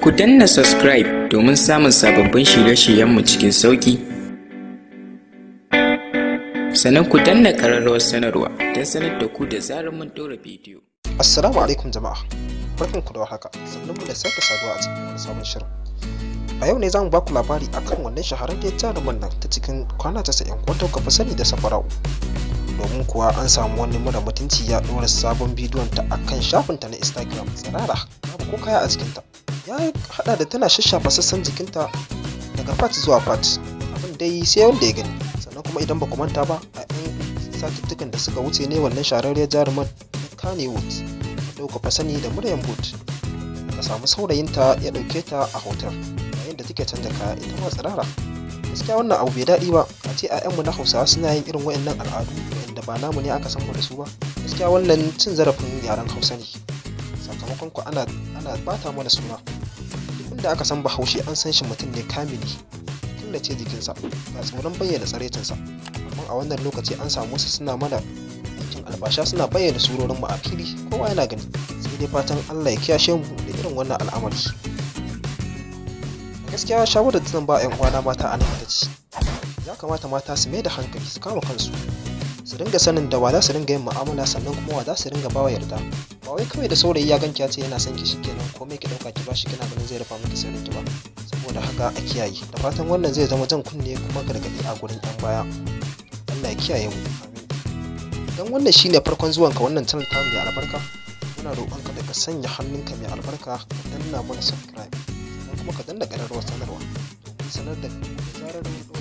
Ku danna subscribe domin samun sababbin shirye-shiryenmu cikin sauƙi. Sannan ku danna ƙararrawar sanarwa don sanar da ku da zarar mun ɗora bidiyo. Assalamu alaikum jama'a. Barkan ku da haka sannan mu da sake saduwa a cikin wani sabon shirin. A yau ne za mu ba ku labari akan wannan shahararren jaruman nan ta cikin kwana ta ko wata kafa sani da safara'u. domin kuwa an samu wani mara mutunci ya ɗora sabon bidiyon ta akan shafinta na instagram tsirara babu ko kaya a cikinta ya hada da tana shashafa sassan jikinta daga fat zuwa fat abin dai sai wanda ya gani sannan kuma idan ba ku manta ba a yan satuttukan da suka wuce ne wannan shararriyar jaruman kane wood da ku sani da muryan boot ka samu saurayinta ya ɗauke ta a hotel yayin da take canza kaya ita ma tsirara gaskiya wannan abu bai daɗi ba a ce 'ya'yanmu na hausawa suna yin irin wa'annan al'adu wa'anda ba namu ne aka san mu da su ba gaskiya wannan cin zarafin yaren hausa ne sakamakon ku ana ana bata mana suna da aka san bahaushe an san shi mutum ne kamili ce jikinsa ga tsoron bayyana tsaretinsa amma a wannan lokaci an samu su suna mana cikin albasha suna bayyana surorin mu a fili kowa yana gani sai dai fatan Allah ya kiyashe mu da irin wannan al'amari gaskiya shawarar da zan ba 'yan uwana mata a nan ya kamata mata su mai da hankali su kama kansu su dinga sanin da wa za su dinga yin mu'amala sannan kuma wa za su dinga bawa yarda ba wai kawai da saurayi ya ganki ya ce yana son ki shikenan komai ki dauka ki bashi kina ganin zai rufa miki sirrin ki ba saboda haka a kiyaye da fatan wannan zai zama jan kunne kuma gargadi a gurin yan baya Allah ya kiyaye mu dan wannan shine farkon zuwan ka wannan channel tamu da albarka muna roƙon ka da ka sanya hannunka mai albarka ka danna mana subscribe sannan kuma ka danna ƙararrawar sanarwa domin sanar da zarar